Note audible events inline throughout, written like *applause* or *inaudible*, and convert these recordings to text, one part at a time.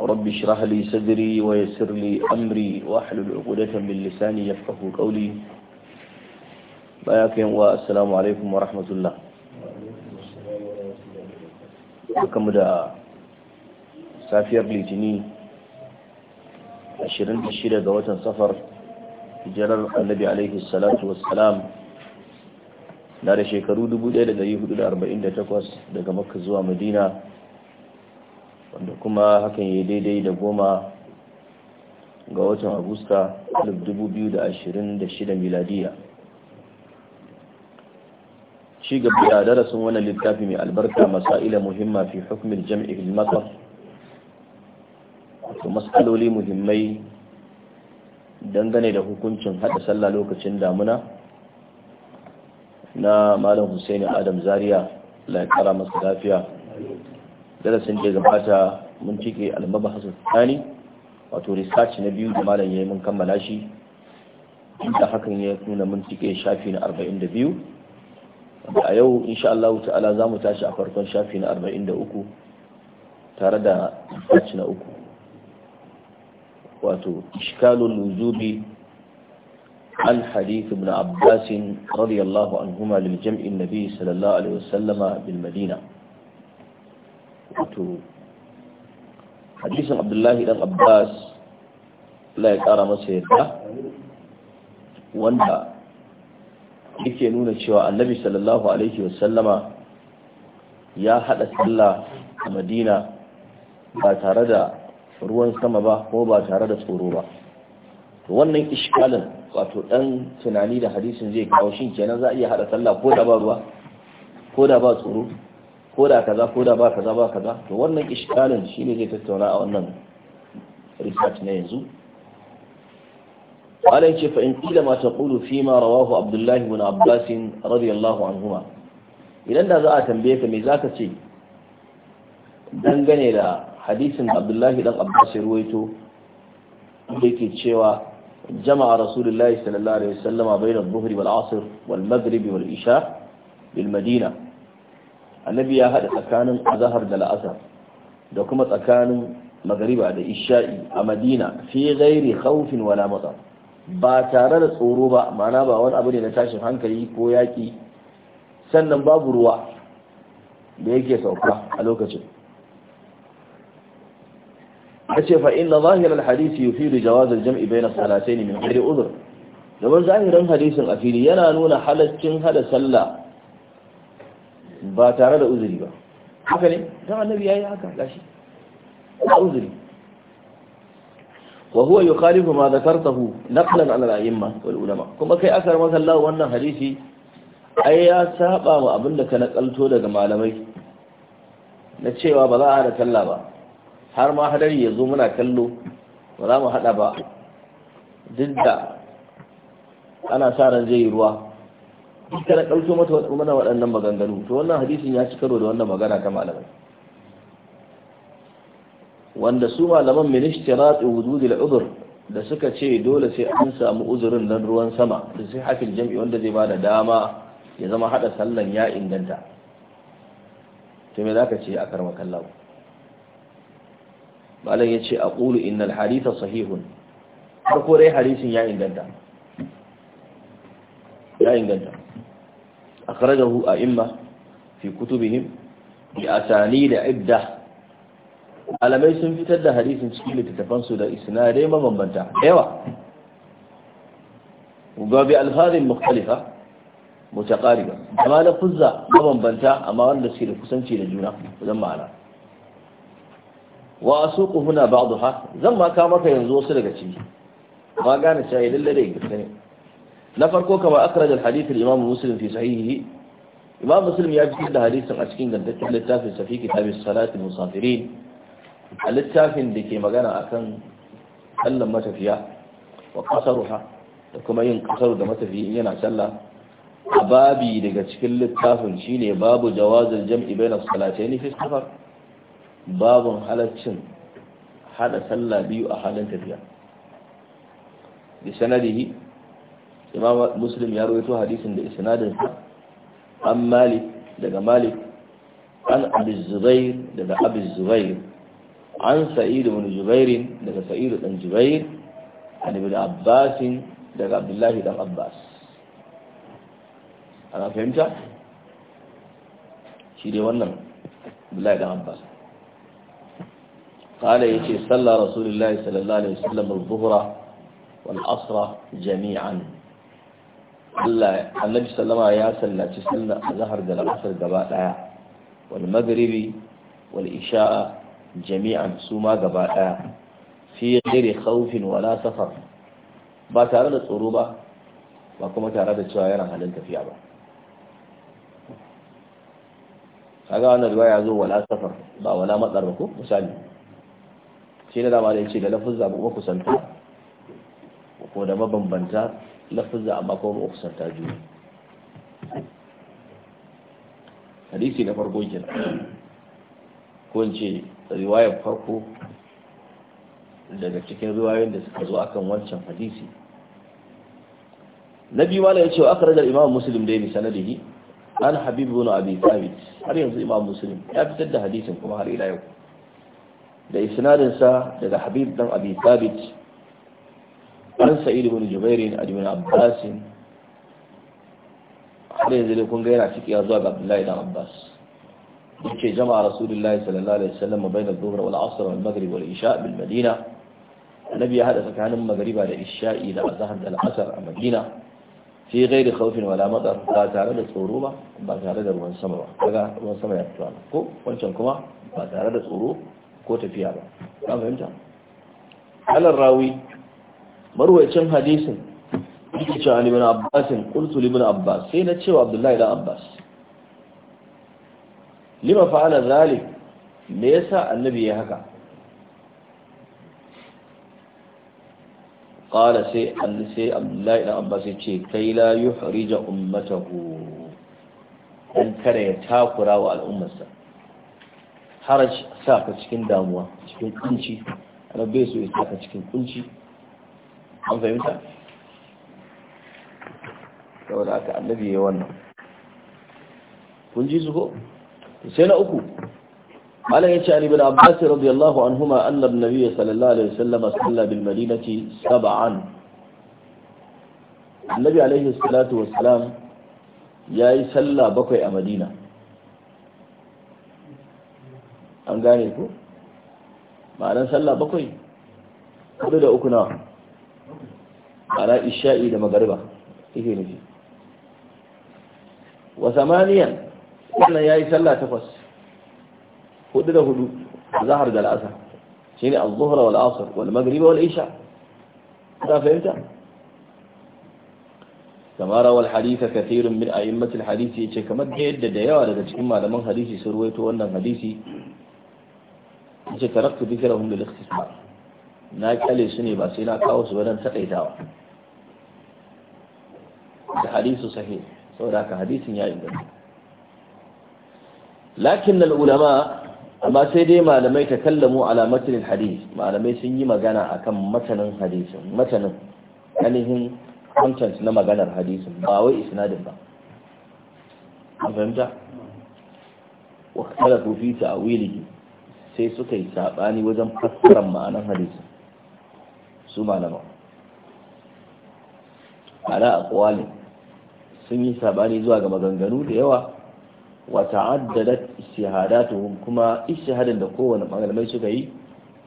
رب اشرح لي صدري ويسر لي أمري واحلل عقدة من لساني يفقه قولي بياكم والسلام عليكم ورحمة الله barkamu da safiyar litini 26 ga watan safar hijirar annabi alaihi salatu wassalam na da shekaru 1448 daga makka zuwa madina wanda kuma hakan ya daidai da goma ga watan agusta 2026 miladiya shi gaba da darasin wannan littafi mai albarka masa'ila muhimma fi hukumar jami'ar masar wato matsaloli muhimmai dangane da hukuncin hada sallah lokacin damuna na malam Hussaini adam zaria la ya kara masu lafiya darasin da gabata mun cike almaba hasan tsani wato research na biyu da malam ya yi mun kammala shi inda hakan ya nuna mun cike shafi na 42 wanda a yau insha Allah ta'ala za mu tashi a farkon shafi na 43 tare da research na uku wato ishkalul wujubi عن حديث ابن عباس رضي الله عنهما للجمع النبي صلى الله عليه وسلم بالمدينة wato hadisin abdullahi dan abbas Allah ya kara masa yadda wanda yake nuna cewa annabi sallallahu alaihi wasallama ya hada sallah a madina ba tare da ruwan sama ba ko ba tare da tsoro ba to wannan ishkalin wato dan tunani da hadisin zai kawo shi kenan za a iya hada sallah ko da ba ruwa ko da ba tsoro ko da kaza ko da ba kaza ba kaza to wannan ishkalin shi ne zai tattauna a wannan research na yanzu wala yace fa in qila ma taqulu fi ma rawahu abdullah ibn abbas radiyallahu anhuma idan da za a tambaye ka za ka ce dangane da hadisin abdullahi dan abbas ruwaito da yake cewa jama'a rasulullahi sallallahu alaihi wasallama bayna adh-dhuhri wal 'asr wal maghribi wal isha bil madina annabi ya haɗa tsakanin azahar da la'asar da kuma tsakanin magariba da isha'i a madina fi gairi khawfin wala matsa ba tare da tsoro ba mana ba wani abu ne na tashin hankali ko yaƙi sannan babu ruwa da yake sauka a lokacin ce fa inna zahirar hadisi yufidu jawazar jam'i bayna ne min ghairi udhr domin zahirin hadisin a fili yana nuna halaccin hada sallah ba tare da uzuri ba haka ne don annabi yi haka gashi ba uzuri wa huwa yukhalifu ma dhakartahu naqlan an al-a'imma wal ulama kuma kai asar masallahu wannan hadisi ai ya saba wa abinda ka nakalto daga malamai na cewa ba za a hada talla ba har ma hadari ya zo muna kallo ba za mu hada ba duk da ana sa ran zai yi ruwa duka na ɗauko mata mana waɗannan maganganu to wannan hadisin ya ci karo da wannan magana ta malamai wanda su malaman ministirat wujudil udhr da suka ce dole sai an samu uzurin nan ruwan sama da sai hafil jam'i wanda zai bada dama ya zama hada sallan ya inganta to me zaka ce a karma kallahu malam yace aqulu innal haditha sahihun farko dai hadisin ya inganta ya inganta a a'imma fi kutubihim bi asani da idda alamai sun fitar da hadisin cikin littattafan su da isnadai mabambanta yawa ga bi alfazin mukhtalifa mutaqariba amma da fuzza mabambanta amma wanda suke da kusanci da juna wajen ma'ana wa asuqu huna ba'daha zan ma maka yanzu wasu daga ciki ba gane cewa lalle da gaske ne na farko kama akhraj al-hadith al-imam muslim fi sahihi imam muslim ya fitar da hadisin a cikin gantaccen littafin sa fi kitab musafirin a littafin da ke magana akan sallan matafiya wa qasaruha da kuma yin kasar da matafiya yana sallah a babi daga cikin littafin shine babu jawazul jam'i bainar as-salatayn fi safar babun halaccin hada sallah biyu a halin tafiya bi sanadihi imam muslim ya rawaito hadisin da isnadin sa an malik daga malik an abi zubair daga abi zubair an Sa'idu ibn Zubairin daga Sa'idu dan Zubair, an ibn abbas daga abdullahi dan abbas ana fahimta shi dai wannan abdullahi dan abbas قال يتي صلى رسول الله صلى الله al وسلم wal والعصر جميعا Allah annabi sallama ya sallaci sallar azhar da al'asr gaba daya wal maghribi wal isha'a jami'an su ma gaba daya fi ghairi khawfin wala safar ba tare da tsoro ba ba kuma tare da cewa yana halin tafiya ba kaga wannan ruwa ya zo wala safar ba wala matsar ba ko misali shi ne dama da yace da lafuz zabu ku santa ko da mabambanta lafazza amma kuma ba kusanta juna hadisi na farko kenan ko in ce riwayar farko daga cikin riwayoyin da suka zo akan wancan hadisi na biyu ya ce wa aka rajar imam muslim dai ya sanadihi an habibu bin abi thabit har yanzu imam muslim ya fitar da hadisin kuma har ila yau da isnadinsa daga habib dan abi thabit an Sa'idu bin jubair an ibn Abbasin, har yanzu dai kun ga yana ciki zuwa ga abdullahi dan abbas yace jama'a rasulullahi sallallahu alaihi wasallam bayna dhuhr wal asr wal maghrib wal isha bil madina annabi ya hada tsakanin magriba da isha'i da azhar da al'asr a madina fi ghairi khawfin wala matar ba tare da tsoro ba ba tare da ruwan sama ba kaga ruwan sama ya fito ko wancan kuma ba tare da tsoro ko tafiya ba ka fahimta alar rawi Marwaicin hadisin yake cewa ni bin abbasin qultu li bin abbas sai na cewa abdullahi da abbas lima fa'ala zalik me yasa annabi ya haka qala sai annabi sai abdullahi da abbas ya ce kai la yuhrija ummatahu dan kada ya takura wa al'ummarsa haraj ka cikin damuwa cikin kunci rabbe su ya saka cikin kunci an fahimta saboda aka annabi ya wannan kun ji su ko sai na uku ya yace a bin abbas radiyallahu anhuma anna an-nabiy sallallahu alaihi wasallam salla bil madinati sab'an annabi alaihi salatu ya yi sallah bakwai a madina an gane ku ma'anar sallah bakwai kudu da uku na. ana isha'i da magariba yake nufi wa samaniyan wannan ya yi sallah takwas hudu da hudu zahar da al'asar shi ne al-zuhra wal asr wal magriba wal isha ta fahimta kamar wal haditha kathirun min a'immatil hadisi yace kamar da yadda da yawa daga cikin malaman hadisi sun ruwaito wannan hadisi yace taraktu dhikrahum lil ikhtisar na kyale su ne ba sai na kawo su wajen taɗaitawa da hadisu sau saboda haka hadisin ya inganta lakin ulama amma sai dai malamai ta kallamu ala matanin hadis malamai sun yi magana akan matanin hadisin matanin ainihin content na maganar hadisin ba wai isnadin ba a fahimta wa kala ta wili sai suka yi sabani wajen fassara ma'anar hadisin su malama ala akwali sun yi sabani zuwa ga maganganu da yawa wa ta'addadat istihadatuhum kuma istihadin da kowane malamai suka yi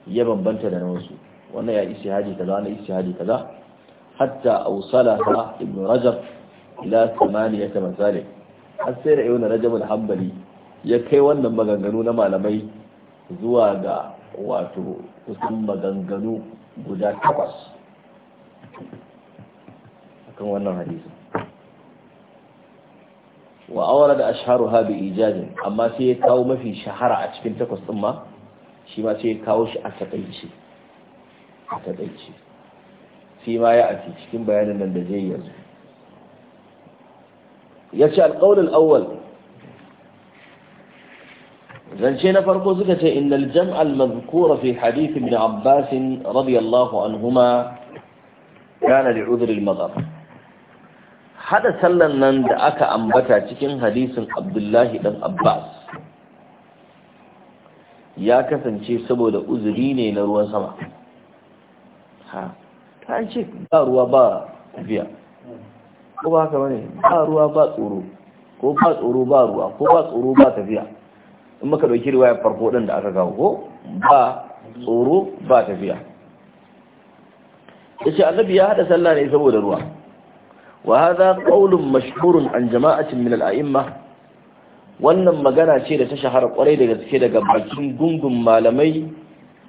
ya bambanta da nawansu wannan ya istihadi kaza wannan istihadi kaza hatta awsalaha ibn rajab ila thamaniyata masalik har sai da ibn rajab al-hanbali ya kai wannan maganganu na malamai zuwa ga wato kusan maganganu guda takwas akan wannan hadisi wa awara da asharu ha bi amma sai ya kawo mafi shahara a cikin takwas din ma shi ma sai ya kawo shi a takaice a takaice fi ma ya ati cikin bayanin nan da zai yanzu ya ce alƙawar awwal zance na farko suka ce innal jam'al mazkura fi hadith ibn abbas radiyallahu anhuma kana li udhr al madar hada sallan nan da aka ambata cikin hadisin abdullahi dan abbas ya kasance saboda uzuri ne na ruwan sama ha ta ce ba ruwa ba tafiya ko ba haka bane ba ruwa ba tsoro ko ba tsoro ba ruwa ko ba tsoro ba tafiya in muka ɗauki riwayar farko din da aka kawo ba tsoro ba tafiya yace annabi ya hada sallah ne saboda ruwa wa hadha qawlun mashhurun an jama'atin min al-a'imma wannan magana ce da ta shahara kwarai da gaske daga bakin gungun malamai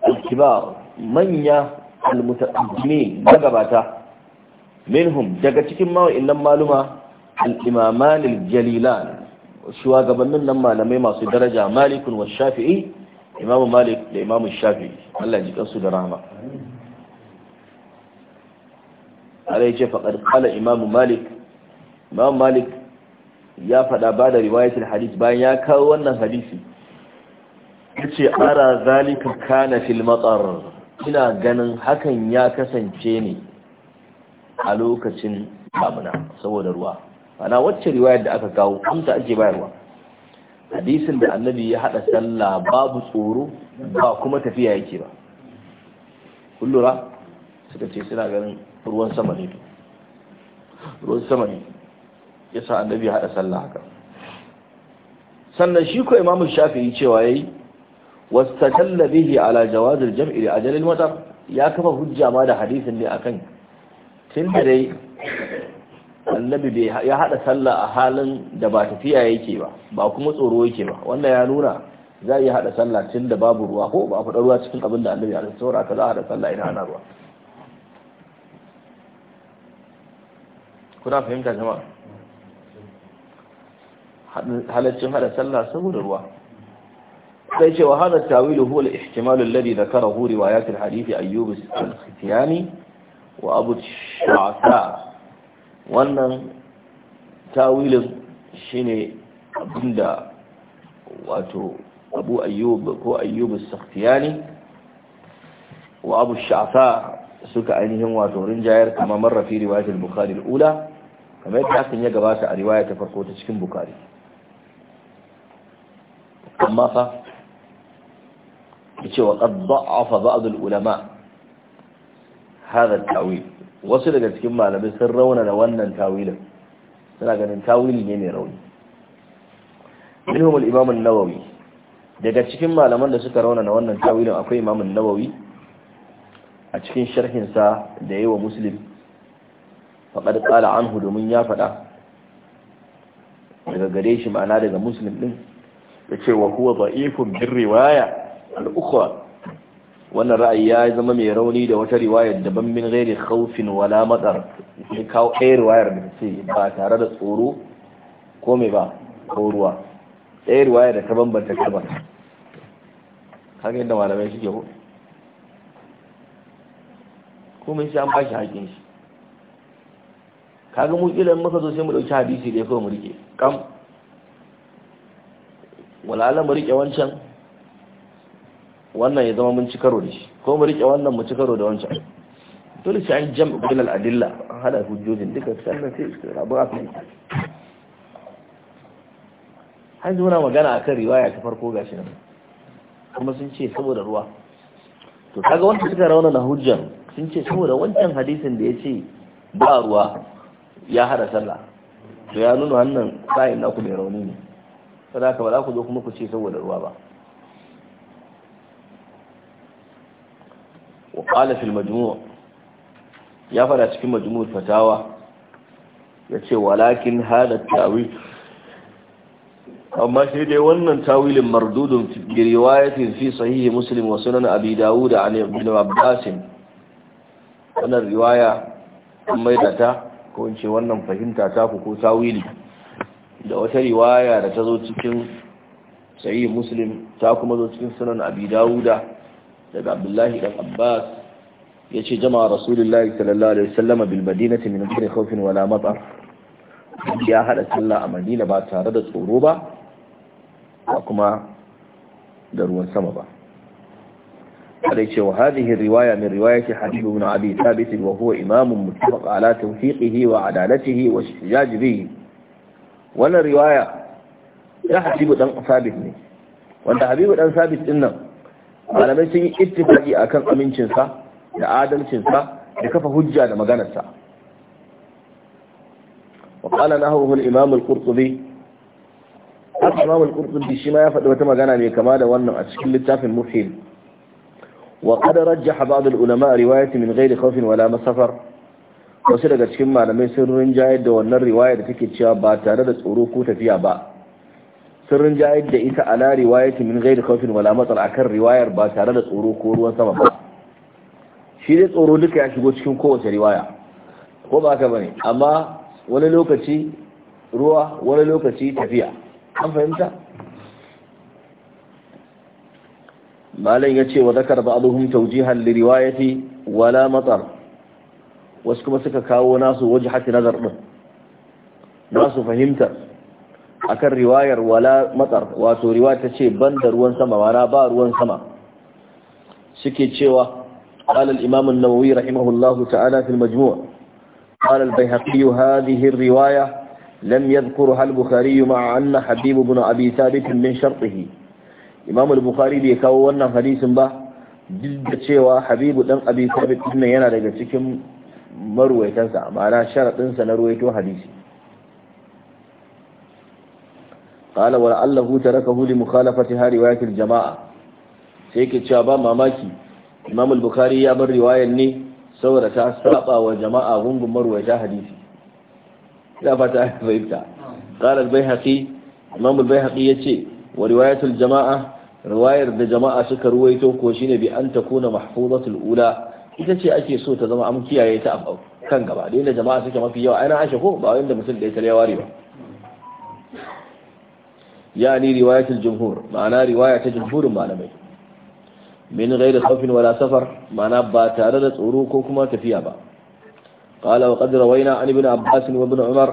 al-kibar manya al-mutaqaddimin magabata minhum daga cikin mawa'illan maluma al-imaman al-jalilan shugabannin nan malamai masu daraja malikun wa shafi'i imamu malik da imamu shafi'i Allah ji kansu da rahama alai ce faqad qala imamu malik imamu malik ya faɗa ba da riwayatul hadith bayan ya kawo wannan hadisi yace ara zalika kana fil matar ina ganin hakan ya kasance ne a lokacin damuna saboda ruwa ana wacce riwayar da aka kawo amsa ake bayarwa hadisin da annabi ya hada sallah babu tsoro ba kuma tafiya yake ba kullura suka ce suna ganin ruwan sama ne ruwan sama ne ya sa annabi ya hada sallah haka sannan shi ko imamu shafi'i cewa yayi wastadalla bihi ala jawazil jam'i a ajalil matar ya kafa hujja ma da hadisin ne akan tun da dai annabi ya hada sallah a halin da ba tafiya yake ba ba kuma tsoro yake ba wannan ya nuna za a yi hada sallah tun da babu ruwa ko ba a faɗa ruwa cikin abin da annabi ya haɗa saura ka za a hada sallah ina ana ruwa kuna fahimta jama'a halaccin hada sallah saboda ruwa sai ce wa hada tawilu huwa al-ihtimal alladhi hu riwayat al-hadith ayyub al-khitiyani wa abu shu'ata wannan tawilin shine abinda wato abu ayyub ko ayyub sakhtiyani wa abu shafa suka ainihin wato rinjayar kama marrafi riwayatul bukhari ula kamar yadda hakan ya gabata a riwaya ta farko ta cikin bukhari amma fa yace wa qad da'afa ulama hadha at wasu daga cikin malamai sun raunana wannan tawilin suna ganin tawili ne mai rauni minhum al-imam an-nawawi daga cikin malaman da suka rauna raunana wannan tawilin akwai imam an-nawawi a cikin sharhin sa da yayi wa muslim faqad qala anhu domin ya fada daga gare shi ma'ana daga muslim din yace wa huwa da'ifun bir riwaya al-ukhra wannan ra'ayi ya zama mai rauni da wata riwaya daban min gairi khawfin wala matsar ya kawo ɗaya riwayar da ce ba tare da tsoro ko mai ba ko ruwa ɗaya riwayar da ta bambanta kaba kaga yadda malamai suke ko komai sai an bashi haƙin shi kaga mu kila in muka zo sai mu ɗauki hadisi da ya kawo mu rike kam wala mu rike wancan wannan ya zama mun ci karo da shi ko mu rike wannan mu ci karo da wancan dole sai an jam'a bain al-adilla an hada hujjojin duka sannan sai su rabu a kai har muna magana akan riwaya ta farko gashi nan kuma sun ce saboda ruwa to kaga wanda suka rauna na hujjan, sun ce saboda wancan hadisin da ya ce ba ruwa ya hada sallah to ya nuna wannan sa'in naku mai rauni ne da ka ba za ku zo kuma ku ce saboda ruwa ba وقال في المجموع يا ya fada cikin majmu'ul fatawa yace walakin hada tawil amma shi dai wannan tawilin mardudun fi riwayatin fi sahih muslim wa sunan abi daud an ibn abbas wannan riwaya an maida ta ko in ce wannan fahimta ta ku ko tawili da wata riwaya da ta zo cikin sahih muslim ta kuma zo cikin sunan abi dawuda daga abdullahi dan abbas ya ce jama'a rasulullahi sallallahu alaihi wasallama bil madinati min ghairi khawfin wala matar ya hada sallah a madina ba tare da tsoro ba ba kuma da ruwan sama ba kada ce wa hadhihi riwaya min riwayati hadith ibn abi thabit wa huwa imam muttafaq ala tawfiqihi wa adalatihi wa ihtijaj bihi wannan riwaya ya hadibu dan sabit ne wanda habibu dan sabit din nan malamai sun yi ittifaqi akan amincinsa da adalcinsa da kafa hujja da maganarsa wa qala nahu al-imam al-qurtubi al-imam al-qurtubi shi ma ya faɗi wata magana ne kama da wannan a cikin littafin muhim wa qad rajjaha ba'd al-ulama riwayati min ghairi khawfin wala masafar wasu daga cikin malamai sun rinjayar da wannan riwaya da take cewa ba tare da tsoro ko tafiya ba sun rinjayar da ita ala riwayati min ghairi khawfin wala matsal akan riwayar ba tare da tsoro ko ruwan sama ba shi dai tsoro duka ya shigo cikin kowace riwaya ko ba ka ba ne? amma wani lokaci ruwa wani lokaci tafiya an fahimta malam ya ce wa zakar ba'aduhum tawjihan li riwayati wala matsar, wasu kuma suka kawo nasu wajhati nazar din nasu fahimtar akan riwayar wala matsar wato riwata ce ban da ruwan sama mana ba ruwan sama suke cewa ƙalal imamun nawawi rahimahullahu ta'ala fil majmu'a ƙalal bai haƙi yi hadihin riwaya lam ya zukuru hal bukari a ma'ana habibu bin abi sabitin min sharɗihi imamu bukari bai kawo wannan hadisin ba duk da cewa habibu ɗan abi sabitin nan yana daga cikin maruwaitansa ma'ana sharaɗinsa na ruwaito hadisi قال ولعله تركه لمخالفه ها روايه الجماعه sai yake cewa ba mamaki imam al ya bar riwayar ne saboda ta saba wa jama'a gungun marwaya hadisi ya fata fahimta qala al-baihaqi imam al-baihaqi yace wa riwayat al-jama'a riwayar da jama'a suka ruwaito ko shine bi an takuna mahfuzat al-ula ita ce ake so ta zama an kiyaye ta a kan gaba dole jama'a suke mafi yawa ai na ashe ko ba wanda mutum da ya tarewa riwaya يعني رواية الجمهور معنى رواية جمهور معلمين من غير خوف ولا سفر معنى باتاردة أروككما تفيابا قال وقد روينا عن ابن عباس وابن عمر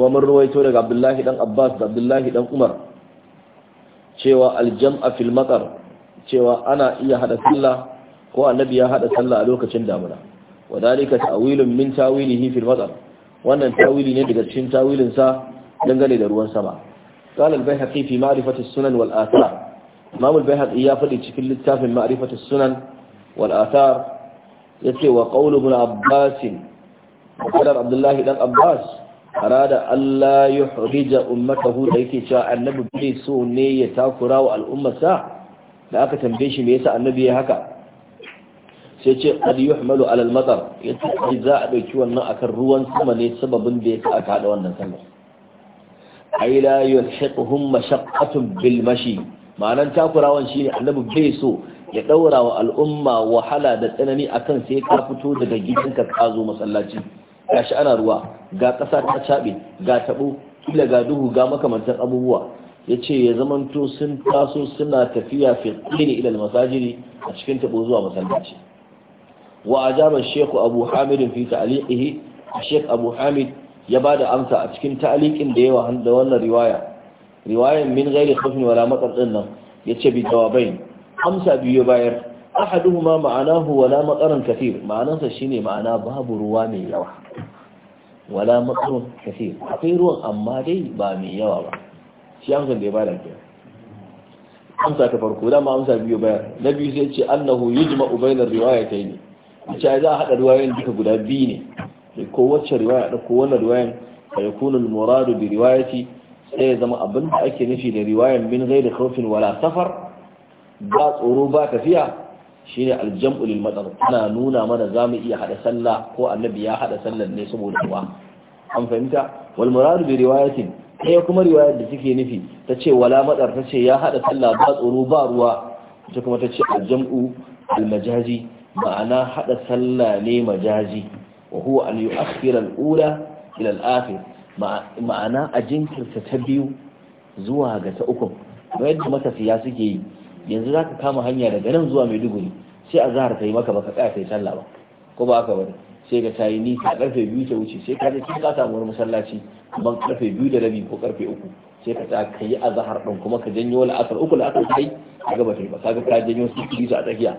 ومن رويته لك عبد الله بن عباس عبد الله بن عمر cewa aljam'a fil matar cewa ana iya hada sallah ko annabi ya haɗa sallah a lokacin damuna wadalika ta'wilun min tawilihi fil matar wannan tawili ne daga cikin tawilin sa dangane da ruwan sama قال البيهقي في معرفة السنن والآثار إمام البيهقي يفضل في الكتاب معرفة السنن والآثار يتي وقول ابن عباس قال عبد الله بن عباس أراد أن لا يحرج أمته ليكي شاء النبي بي سوني يتاكرا والأمة ساعة da aka tambaye shi me yasa annabi ya haka sai ce qad yuhmalu ala al-matar yace za a dauki wannan akan ruwan sama ne sababin da yasa aka hada wannan sallar ai la yulhiquhum mashaqqatun bil mashi ma'anan takurawan shine annabi bai so ya daura wa al'umma wahala da tsanani akan sai ka fito daga gidanka ka zo masallaci gashi ana ruwa ga ƙasa ta cabe ga tabo kila ga duhu ga makamantan abubuwa yace ya zamanto sun taso suna tafiya fi qini ila al a cikin tabo zuwa masallaci wa ajaba shaykh abu hamid fi ta'liqihi shaykh abu hamid ya ba da amsa a cikin ta'alikin da yawa da wannan riwaya riwayan min gairi khafin wala matsar din nan ya ce bi jawabai amsa biyu ya bayar ma ahaduhuma ma'anahu wala matsarin kafir ma'anansa shine ma'ana babu ruwa mai yawa wala matsarin kafir akwai ruwan amma dai ba mai yawa ba shi amsa da ya bada ke amsa ta farko dama amsa biyu bayar na biyu sai ce annahu yujma'u bainar yi ne. ce za a haɗa riwayoyin duka guda biyu ne sai ko wacce riwaya da ko wannan riwayan fa yakunu al muradu bi riwayati sai ya zama abin da ake nufi da riwayan min ghairi khawfin wala safar ba tsoro ba tafiya shine al jam'u lil matar ana nuna mana zamu iya hada sallah ko annabi ya hada sallar ne saboda ruwa an fahimta wal muradu bi riwayatin ɗaya kuma riwayar da take nufi ta ce wala matsar ta ce ya haɗa sallah ba tsoro ba ruwa ta kuma ta ce aljam'u majaji, ma'ana haɗa sallah ne majaji wa huwa an yu'akhkhira al-ula ila al-akhir ma'ana a jinkirta ta biyu zuwa ga ta uku kamar yadda matafiya suke yi yanzu zaka kama hanya daga nan zuwa Maiduguri sai a zahar ta yi maka baka tsaya yi sallah ba ko ba ka bari, sai ka yi ni ka karfe biyu ta wuce sai ka je kin ka samu wani masallaci ban karfe biyu da rabi ko karfe uku sai ka yi a zahar ɗin kuma ka janyo la'asar uku la'asar kai ka gaba ta yi ba kaga ka janyo su a tsakiya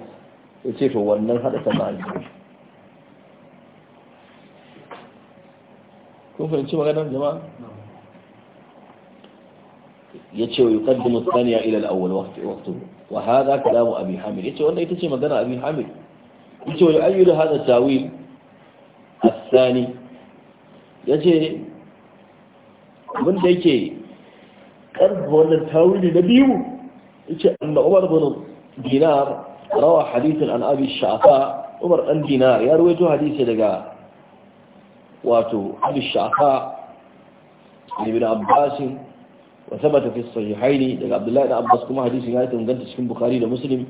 sai to wannan haɗa ta hada sana'a kun fahimci maganar jama'a ya ce wa yi kaddimu saniya ila al'awwal waqtu wa hadha kalamu abi hamid ce wannan ita ce magana abi hamid ce wa ayyul hadha tawil as-sani yace abin da yake karfa wannan tawili na biyu Ya ce anna umar bin dinar rawa hadithan an abi shafa umar dan dinar ya rawaito hadisi daga wato abu shafa ibn abbas wa thabata fi sahihaini daga abdullahi da abbas kuma hadisin ya inganta cikin bukhari da muslim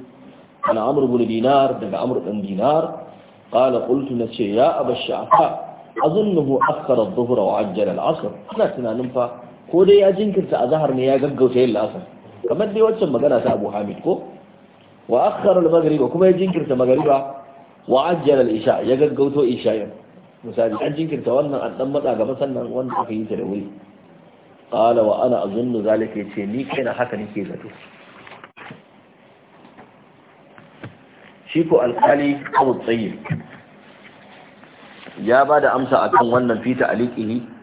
ana amr ibn dinar daga amr ibn dinar qala qultu na ce ya abu shafa azunnuhu akhara adh-dhuhr wa ajjala al-'asr ina tunanin fa ko dai ya jinkirta azhar ne ya gaggauta yin la'asar kamar dai wancan magana ta abu hamid ko wa akhara al-maghrib kuma ya jinkirta maghriba wa ajjala al-isha ya gaggauto yin. misali an jinkirta wannan an dan matsa gaba sannan wanda aka yi ta da wuri qala wa ana azunnu zalika yace ni kaina haka nake zato shi ko alkali abu ya ba da amsa akan wannan fi ta'liqihi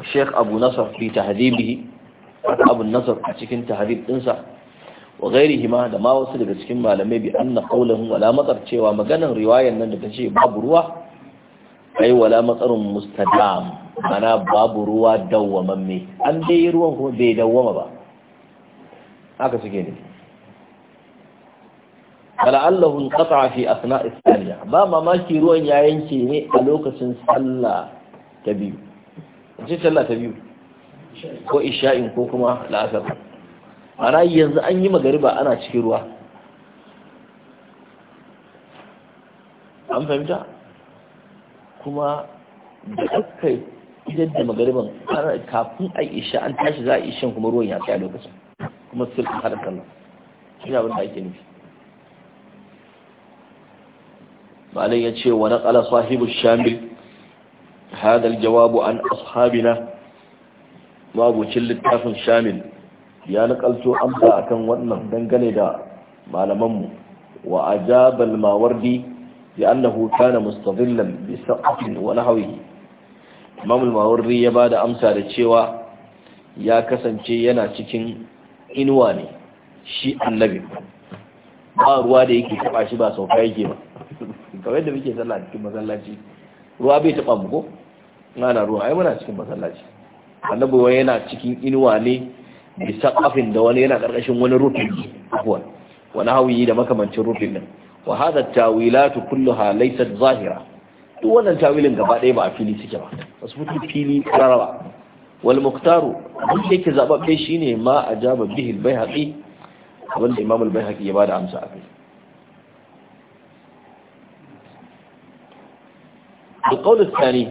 Sheikh Abu Nasr fi tahdibihi Abu Nasr a cikin tahdib dinsa wa ghairihi ma da ma wasu daga cikin malamai bi anna qawluhu wala matar cewa maganar riwayar nan da ta babu ruwa ai wala matsarin mustadam ana babu ruwa dawwamamme an dai ruwan kuma bai dawwama ba haka suke ne bala'allahu qata'a fi asna'is saniya ba mamaki ruwan ya yanke ne a lokacin sallah ta biyu ce sallah ta biyu ko isha'in ko kuma la'asar ana yanzu an yi magariba ana cikin ruwa an fahimta kuma da aka idan da magariban kafin a isha an tashi za a shan kuma ruwan ya tsaya lokacin kuma sun fara sallah shi abin da ake nufi malai ya ce wa na kala sahibu shamil hadal jawabu an ashabina mabucin littafin shamil ya nakalto amsa akan wannan dangane da malamanmu wa ajabal mawardi لأنه كان مستظلا بسقف ونحوه إمام المعوري يبعد أمسى لتشيوى يا كسن ينا تكين إنواني شيء النبي ba ruwa da yake taba shi ba sau ka yake ba kamar da muke sallah cikin masallaci ruwa bai taba mu ko ana ruwa ai muna cikin masallaci annabi wani yana cikin inuwa ne bisa kafin da wani yana karkashin wani rufin wani hauyi da makamancin rufin din wa hadha tawilatu kulluha laysat zahira duk wannan tawilin gaba ɗaya ba a fili suke ba wasu fito fili karara ba wal muktaru duk da yake shi ne ma ajaba bihi al bayhaqi abin da Imamul-bai-haƙi ya ba da amsa akai القول الثاني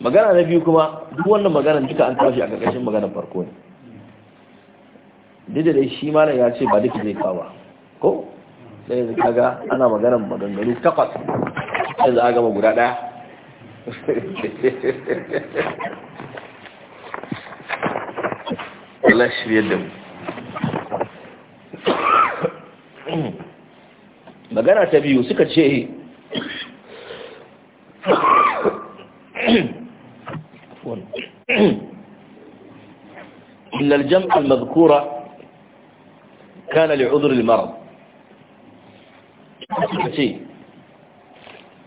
magana na biyu kuma duk wannan maganar duka an tashi a ƙarƙashin maganar farko ne duk da shi malam ya ce ba duka zai kawo ko sai yanzu kaga ana maganar maganganu takwas yanzu a gama guda ɗaya Allah shirye da mu magana ta biyu suka ce إن الجمع المذكورة كان لعذر المرض suka ce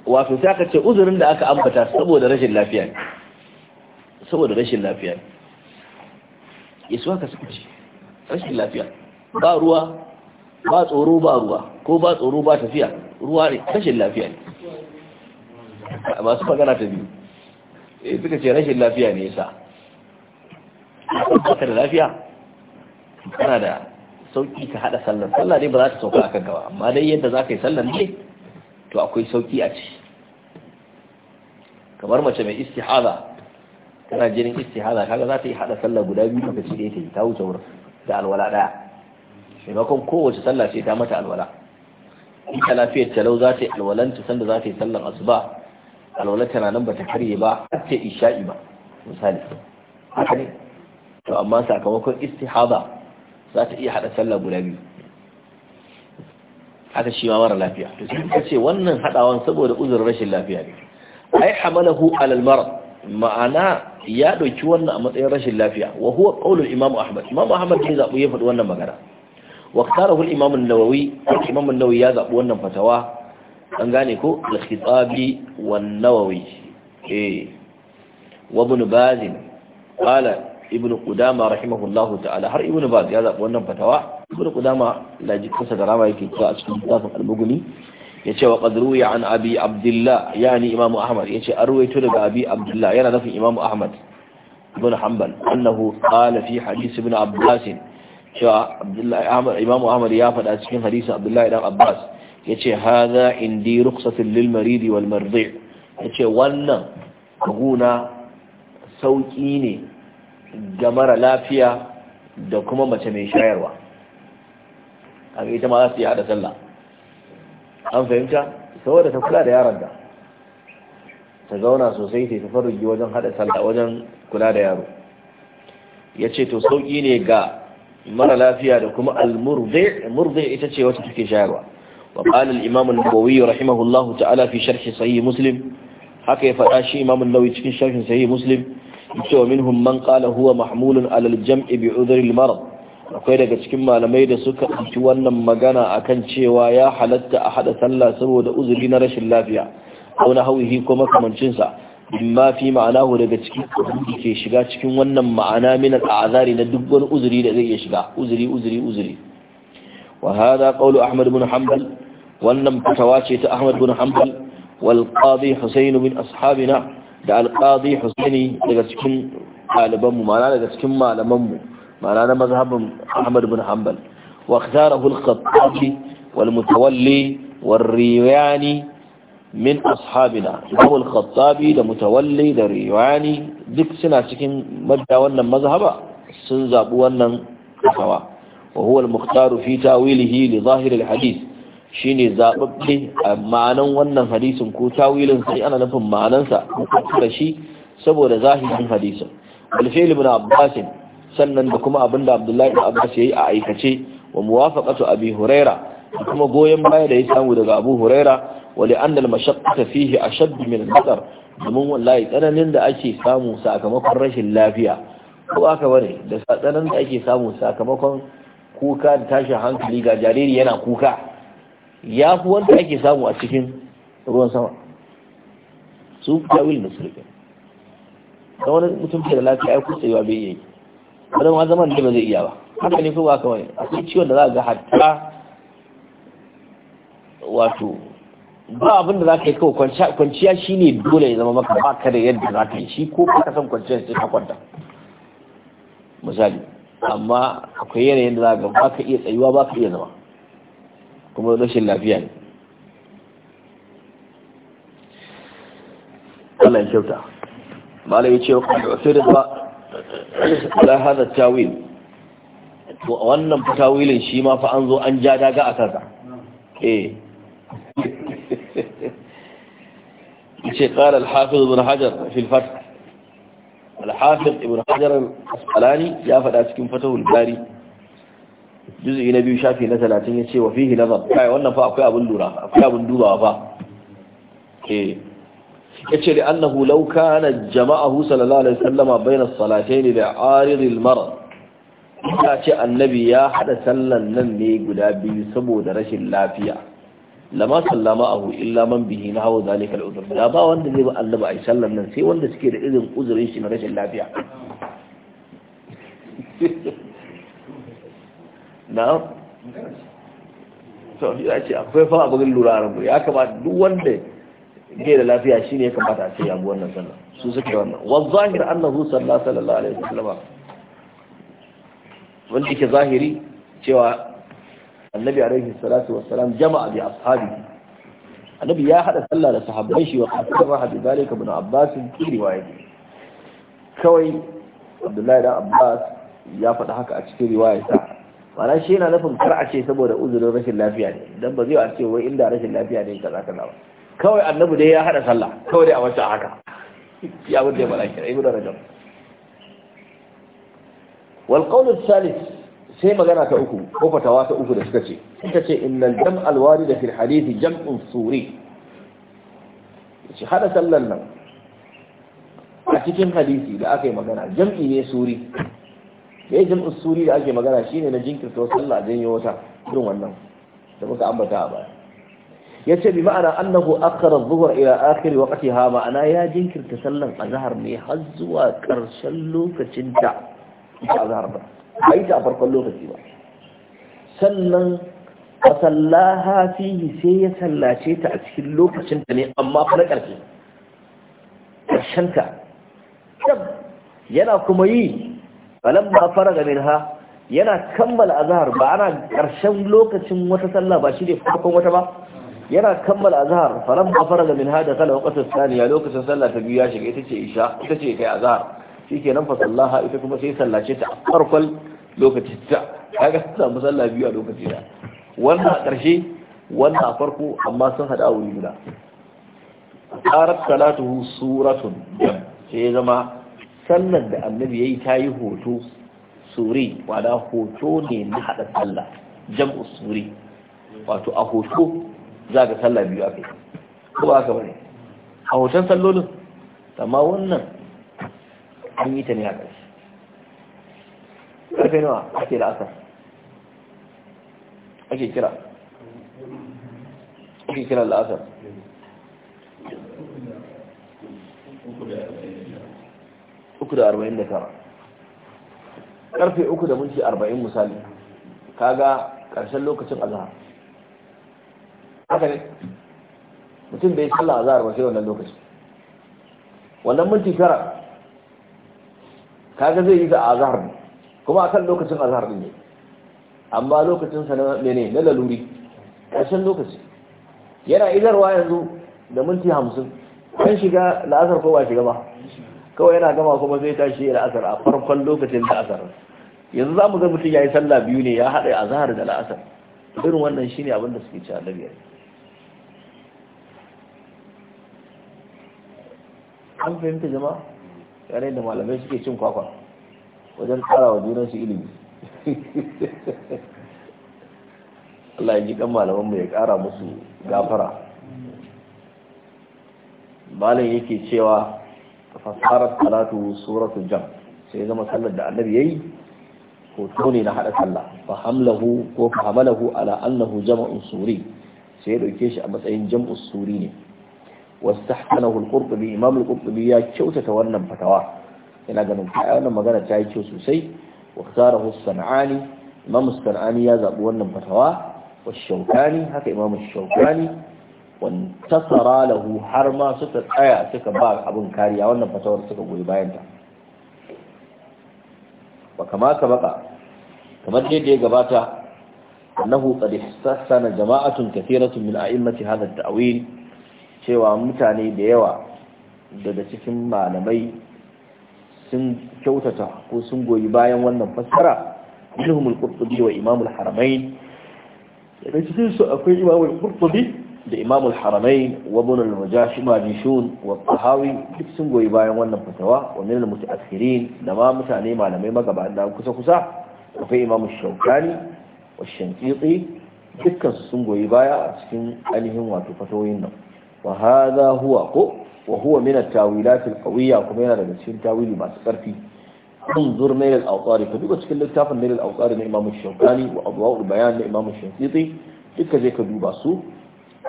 wato sai aka ce uzurin da aka ambata saboda rashin lafiya ne saboda rashin lafiya ne yesu haka suka ce rashin lafiya ba ruwa ba tsoro ba ruwa ko ba tsoro ba tafiya ruwa ne rashin lafiya ne masu magana ta biyu ya eh, suka ce rashin lafiya ne ya baka da lafiya kana da sauki ka hada sallar sallah dai ba za ta sauka a kan gaba, amma dai yadda za ka yi sallar ne to akwai sauki a ci kamar mace mai istihada tana jinin istihada kaga za ta yi hada sallah guda biyu lokaci da yake ta wuce wurin da alwala daya maimakon kowace sallah ce ta mata alwala in ta lafiyar talau za ta yi alwalanta sanda za ta yi sallar asuba alwala tana nan ba bata karye ba har ta isha'i ba misali haka ne to amma sakamakon istihada za ta iya hada sallah guda biyu haka shi ma mara lafiya to sai ka ce wannan haɗawan saboda uzurin rashin lafiya ne ai hamalahu alal marad ma'ana ya ɗauki wannan a matsayin rashin lafiya wa huwa qaulul imam ahmad imam ahmad ne zabu ya faɗi wannan magana wa qarahu hul imam an-nawawi imam an-nawawi ya zabu wannan fatawa an gane ko al-khitabi wan-nawawi eh wa ibn baz qala ibnu qudama rahimahullahu ta'ala har ibnu baz ya zaɓi wannan fatawa ibnu qudama laji kansa da rama yake cewa a cikin littafin al-mughni yace wa qad ruwiya an abi abdullah yani imamu ahmad yace an ruwaito daga abi abdullah yana nufin imamu ahmad ibn hanbal annahu qala fi hadith ibn abbas cewa imamu ahmad ya faɗa cikin hadisin abdullahi dan abbas yace hadha indi rukhsatun lil maridi wal mardi yace wannan guna sauki ne Ga mara lafiya da kuma mace mai shayarwa a ita ma za su yi hada sallah an fahimta saboda ta kula da yaron da ta zauna sosai ta tafarrugi wajen hada sallah wajen kula da yaro ya ce to sauƙi ne ga mara lafiya da kuma almurdi murdi ita ce wata take shayarwa wa qala al-imam an rahimahullahu ta'ala fi sharh sahih muslim haka ya faɗa shi imamin an cikin sharhin sahih muslim yace wa minhum man qala huwa mahmulun ala al-jam'i bi udhri al-marad akwai daga cikin malamai da suka ɗauki wannan magana akan cewa ya halatta a hada sallah saboda uzuri na rashin lafiya ko na hauhi ko makamancin sa imma fi daga cikin da ke shiga cikin wannan ma'ana min azari na duk wani uzuri da zai iya shiga uzuri uzuri uzuri wa hada qawlu ahmad ibn hanbal wannan fatawa ce ta ahmad ibn hanbal wal qadi husayn min ashabina da alqadi husaini daga cikin ɗalibanmu mu ma'ana daga cikin malaman mu ma'ana na mazhabin ahmad bin hanbal wa ikhtarahu al wal mutawalli wal riyani min ashabina imam al-khattabi da mutawalli da riyani duk suna cikin madda wannan mazhaba sun zabi wannan kasawa wa huwa al-mukhtaru fi tawilihi li zahir al-hadith shine zababbe a ma'anan wannan hadisin ko tawilin sai ana nufin ma'anansa ko da shi saboda zahirin hadisin wal fi'l ibn abbas sannan da kuma abinda abdullahi ibn abbas yayi a aikace wa muwafaqatu abi huraira kuma goyen baya da ya samu daga abu huraira wa li anna al mashaqqata fihi ashadd min al badar domin wallahi tsananin da ake samu sakamakon rashin lafiya ko aka bane da tsananin da ake samu sakamakon kuka da tashin hankali ga jariri yana kuka ya fi wanda ake samu a cikin ruwan sama su tawil na sulke da wani mutum ke da lafiya ya wa bai yi wani ma zaman da ba zai iya ba haka ne kuma kawai a cikin ciwon da za ga hatta wato ba abin da za ka yi kawai kwanciya shi ne dole ya zama maka ba ka da yadda za ka yi shi ko ka san kwanciya sai ka kwanta misali amma akwai yanayin da za ka ba ka iya tsayuwa ba ka iya zama kuma rashin lafiya ne Allah ya kyauta malami ce wa sai da ala hada tawil to wannan tawilin shi ma fa an zo an ja daga a kansa eh *laughs* ce qala al-hafiz ibn hajar fi al-fath al-hafiz ibn hajar al-asqalani ya fada cikin fatahul bari juz'i na biyu shafi na talatin ya ce wa fihi nazar kai wannan fa akwai abin lura akwai abin dubawa fa eh yace da annahu law kana jama'ahu sallallahu alaihi wasallama bayna salatayn da aridil marad ta ce annabi ya hada sallan nan ne guda biyu saboda rashin lafiya lama sallama ahu illa man bihi na hawa zalika al-udhr da ba wanda zai ba annabi ai sallan nan sai wanda suke da irin uzurin shi na rashin lafiya *laughs* na'am so ya ce akwai fa abin lura rabu ya kamata duk wanda gai da lafiya shine ya kamata a ce ya wannan sallah su suke wannan wa zahir annahu sallallahu sallallahu alaihi wasallam wanda yake zahiri cewa annabi alaihi salatu wassalam jama'a bi ashabi annabi ya hada sallah da sahabbai shi wa qasara hadi zalika ibn abbas riwaya ne kawai abdullahi da abbas ya faɗa haka a cikin riwayarsa ma'ana shi yana nufin kar a ce saboda uzurin rashin lafiya ne dan ba zai a ce wai inda rashin lafiya ne ka kaza kaza ba kawai annabu dai ya hada sallah kawai dai a wacce haka ya wuce ya faɗa kira ibnu rajab wal qawl thalith sai magana ta uku ko fatawa ta uku da suka ce suka ce innal jam' al warid fi al hadith jam'un suri shi hada sallan nan a cikin hadisi da aka yi magana jam'i ne suri ya yi usuri da ake magana shine na jinkirta wasu sallah a janyo wata irin wannan da muka ambata a baya ya ce bi ma'ana annahu akara zuwa ila akhir waqtiha ma'ana ya jinkirta sallan azhar ne har zuwa karshen lokacin ta azhar ba bai ta farkon lokaci ba sannan fasallaha fihi sai ya sallace ta a cikin lokacin ta ne amma fa na karshe karshen ta yana kuma yi falamma faraga minha yana kammala azhar ba ana karshen lokacin wata sallah ba shi ne farkon wata ba yana kammala azhar falamma faraga minha da kala waqtu thaniya lokacin sallah ta biyu ya shiga ita ce isha ita ce kai azhar shikenan fa sallaha ita kuma sai sallace ta farkon lokacin ta kaga ta samu sallah biyu a lokacin da wannan a karshe wannan a farko amma sun hada a wuri guda qarat salatuhu suratun sai ya zama sallar da annabi ya yi ta yi hoto suri wada hoto ne na haɗa sallah jam'u suri wato a hoto za ka sallah biyu aka yi ko ba ka bane a hoton sallolin amma wannan an yi ta ne a ƙarshe ƙarfe nawa ake da asar ake kira ake kira la'asar 349 karfe 3 da minti 40 misali kaga karshen lokacin azhar haka ne mutum bai sallah azhar ba sai wannan lokaci, wannan minti tara kaga zai yi da azhar ne kuma akan lokacin azhar din ne amma lokacin sa na mene na laluri karshen lokaci yana idarwa yanzu da minti 50 kan shiga la'azar ko ba shiga ba kawai yana gama kuma zai tashi da asar a farkon lokacin da asar yanzu za mu ga mutum ya yi sallah biyu ne ya haɗe a zahar da la'asar irin wannan shine abin da suke ci a biyar an fahimta jama'a yanayin da malamai suke cin kwakwa wajen tsara wa junansu ilimi *laughs* Allah ya kan malaman mu ya kara musu gafara malam yake cewa fasarar salatu suratu jam sai zama sallar da annabi yayi hoto ne na hada sallah fa hamlahu ko fa hamalahu ala annahu jama'un suri sai ya dauke shi a matsayin jam'u suri ne wastahsanahu al-qurtubi imam al-qurtubi ya kyautata wannan fatawa yana ganin kai wannan magana ta yi kyau sosai wa kharahu sanani imam sanani ya zabi wannan fatawa wa haka imam ash tasara lahu har ma suka tsaya suka ba abin kariya wannan fatawar suka goyi bayanta ba kama ka baka kamar dai da ya gabata annahu qad ihtasana jama'atun kathiratun min a'immati hadha at-ta'wil cewa mutane da yawa daga cikin malamai sun kyautata ko sun goyi bayan wannan fasara minhum al-qurtubi wa imam al-haramain daga cikin su akwai imam al-qurtubi da imam al-haramain wa ibn al-mujashim abishun wa tahawi duk sun goyi bayan wannan fatawa wa min al-mutaakhirin da ma mutane malamai magaba da kusa kusa akwai imam shaukani wa shankiti dukkan sun goyi baya a cikin ainihin wato fatawoyin nan wa hadha huwa ko wa huwa min at-tawilat al-qawiyya kuma yana daga cikin tawili masu karfi انظر نيل الأوطاري فدوك تكل لتافن نيل الأوطاري من إمام الشوكاني وأضواء البيان لإمام الشنقيطي تلك زي كدوبا سو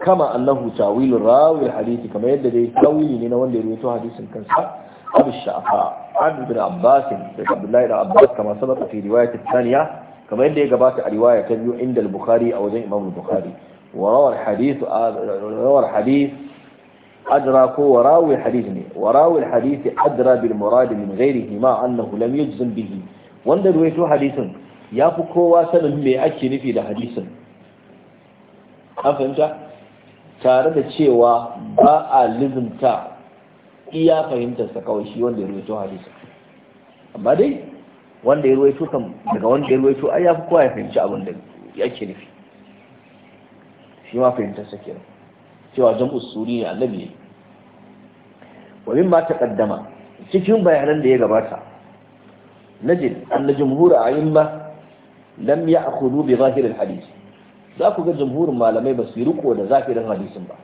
kama annahu tawilur rawi hadisi kamar yadda dai tawili ne na wanda ya rawaito hadisin kansa abu shafa abu bin abbas da abdullahi da abbas kama sabata fi riwayat thaniya kamar yadda ya gabata a riwaya ta biyu inda al-bukhari a wajen imam al-bukhari wa rawar hadith rawar hadith أدرى وراوي الحديث وراوي الحديث أدرى بالمراد من غيره ما أنه لم يجزم به wanda ruwaito hadisin ya fi kowa sanin me ake nufi da hadisin an fahimta tare da cewa ba a lizinta iya fahimtarsa kawai shi wanda ya ruwaito hadisi amma dai wanda ya ruwaito kan daga wanda ya ruwaito ai ya fi kowa ya fahimci abin da yake nufi shi ma fahimtarsa kenan cewa jam'u usuri ne annabi ne ma ta taqaddama cikin bayanan da ya gabata najid anna jumhur a'imma lam ya'khudhu bi zahir al-hadith za ku ga jamhurin malamai ba su yi riko da zafirin hadisin ba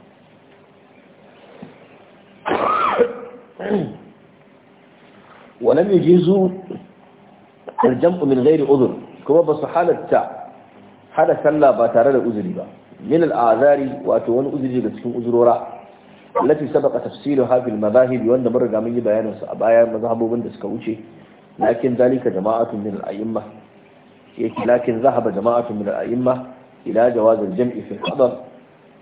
ولم يجيزوا الجمع من غير عذر كما بس حالتا hada sallah ba tare da uzuri ba min al'azari wato wani uzuri ga cikin uzurora lati sabaka tafsiru hafil madahib wanda mun riga mun yi bayanin su a baya mazhabobin da suka wuce lakin zalika jama'atun min al'aimma yake lakin zahaba jama'atun min al'aimma ila jawazin jam'i fil qadar